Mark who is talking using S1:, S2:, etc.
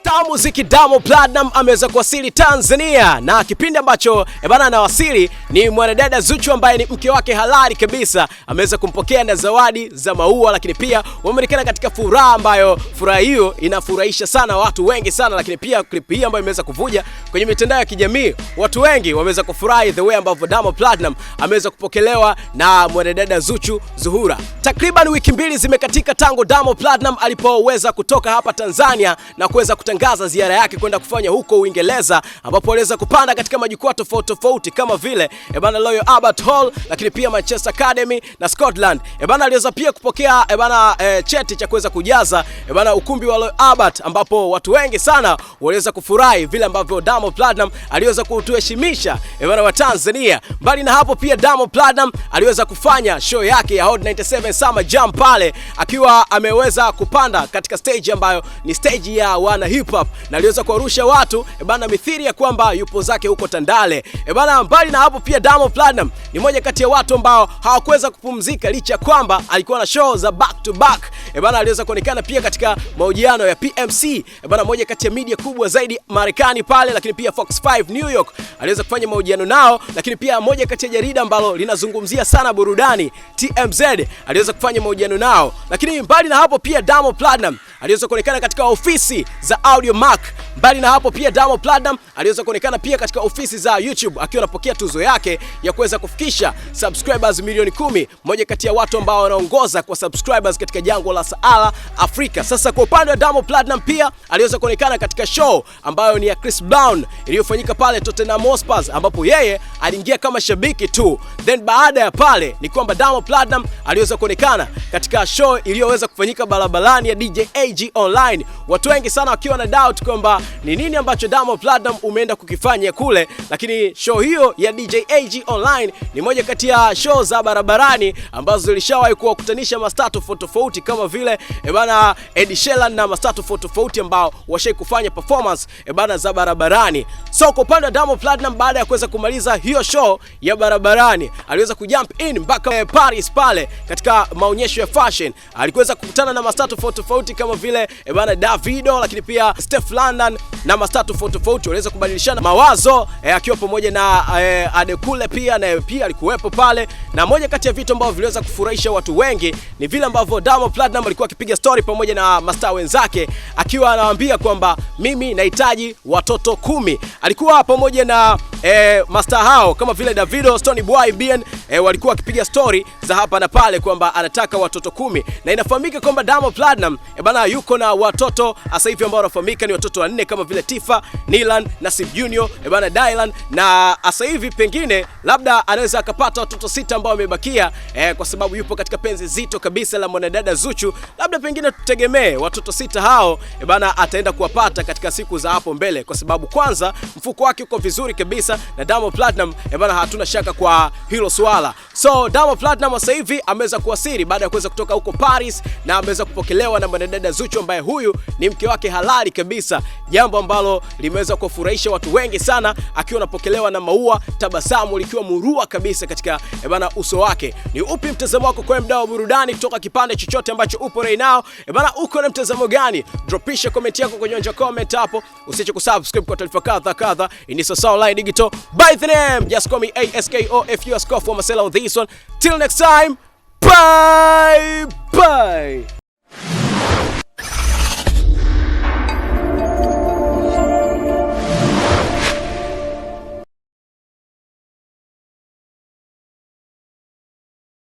S1: Star Muziki Diamond Platnumz ameweza kuwasili Tanzania na kipindi ambacho eh, bana anawasili ni mwanadada Zuchu ambaye ni mke wake halali kabisa, ameweza kumpokea na zawadi za maua, lakini pia wameonekana katika furaha ambayo furaha hiyo inafurahisha sana watu wengi sana. Lakini pia clip hii ambayo imeweza kuvuja kwenye mitandao ya kijamii, watu wengi wameweza kufurahi the way ambavyo Diamond Platnumz ameweza kupokelewa na mwanadada Zuchu Zuhura. Takriban wiki mbili zimekatika tangu Diamond Platnumz alipoweza kutoka hapa Tanzania na kuweza kutangaza ziara yake kwenda kufanya huko Uingereza, ambapo aliweza kupanda katika majukwaa tofauti tofauti kama vile ebana eh, Royal Albert Hall, lakini pia Manchester Academy na Scotland. Ebana eh, aliweza pia kupokea ebana eh, e, cheti cha kuweza kujaza ebana ukumbi wa Royal Albert, ambapo watu wengi sana waliweza kufurahi vile ambavyo Diamond Platnumz aliweza kutuheshimisha ebana wa Tanzania. Mbali na hapo, pia Diamond Platnumz aliweza kufanya show yake ya Hot 97 Summer Jam pale akiwa ameweza kupanda katika stage ambayo ni stage ya wana hip hop na aliweza kuwarusha watu e bana, mithiri ya kwamba yupo zake huko Tandale e bana. Mbali na hapo, pia Diamond Platnumz ni moja kati ya watu ambao hawakuweza kupumzika licha ya kwamba alikuwa na show za back to back e bana, aliweza kuonekana pia katika mahojiano ya PMC e bana, moja kati ya media kubwa zaidi Marekani pale, lakini pia Fox 5 New York aliweza kufanya mahojiano nao, lakini pia moja kati ya jarida ambalo linazungumzia sana burudani TMZ aliweza kufanya mahojiano nao, lakini mbali na hapo pia Diamond Platnumz aliweza kuonekana katika ofisi za Audio Mark. Mbali na hapo pia Diamond Platinum aliweza kuonekana pia katika ofisi za YouTube akiwa anapokea tuzo yake ya kuweza kufikisha subscribers milioni kumi, moja kati ya watu ambao wanaongoza kwa subscribers katika jangwa la Sahara Afrika. Sasa kwa upande wa Diamond Platinum pia aliweza kuonekana katika show ambayo ni ya Chris Brown iliyofanyika pale Tottenham Hotspur ambapo yeye aliingia kama shabiki tu. Then baada ya pale ni kwamba Diamond Platinum aliweza kuonekana katika show iliyoweza kufanyika barabarani ya DJ AG Online. Watu wengi sana wakiwa wakiwa na doubt kwamba ni nini ambacho Diamond Platinum umeenda kukifanya kule, lakini show hiyo ya DJ AG Online ni moja kati ya show za barabarani ambazo zilishawahi kuwakutanisha mastaa tofauti tofauti kama vile e bana Ed Sheeran na mastaa tofauti tofauti ambao washai kufanya performance e bana za barabarani. So kwa upande wa Diamond Platinum, baada ya kuweza kumaliza hiyo show ya barabarani, aliweza kujump in mpaka e, Paris pale katika maonyesho ya fashion, alikuweza kukutana na mastaa tofauti tofauti kama vile e bana Davido, lakini pia pia Steph London na mastaa tofauti tofauti waliweza kubadilishana mawazo eh, akiwa pamoja na eh, Adekule pia naye pia alikuwepo pale, na moja kati ya vitu ambavyo viliweza kufurahisha watu wengi ni vile ambavyo Diamond Platnumz alikuwa akipiga story pamoja na mastaa wenzake akiwa anawaambia kwamba mimi nahitaji watoto kumi. Alikuwa pamoja na eh, mastaa hao kama vile Davido, Stony Boy, Bien eh, walikuwa wakipiga story za hapa na pale kwamba anataka watoto kumi, na inafahamika kwamba Diamond Platnumz eh, bana yuko na watoto sasa hivi ambao wanafahamika ni watoto wanne kama vile Tifa, Nilan, Nasib Junior, Ebana eh, Dylan na ah, sasa hivi pengine labda anaweza akapata watoto sita ambao wamebakia eh, kwa sababu yupo katika penzi zito kabisa la mwanadada Zuchu. Labda pengine tutegemee watoto sita hao ebana eh, ataenda kuwapata katika siku za hapo mbele, kwa sababu kwanza mfuko wake uko vizuri kabisa na Diamond Platinum ebana, eh, hatuna shaka kwa hilo swala. So Diamond Platinum sasa hivi ameweza kuwasili baada ya kuweza kutoka huko Paris na ameweza kupokelewa na mwanadada Zuchu ambaye huyu ni mke wake halali mbali kabisa, jambo ambalo limeweza kufurahisha watu wengi sana, akiwa anapokelewa na maua, tabasamu likiwa murua kabisa katika eh, bana uso wake. Ni upi mtazamo wako kwa mdau wa burudani kutoka kipande chochote ambacho upo right now? Eh, bana, uko na mtazamo gani? Dropisha comment yako kwenye onja comment hapo, usiache kusubscribe kwa taarifa kadha kadha. Ni Sasa Online Digital by the name, just call me ASKOFU Askofu wa Masela on this one. Till next time, bye bye.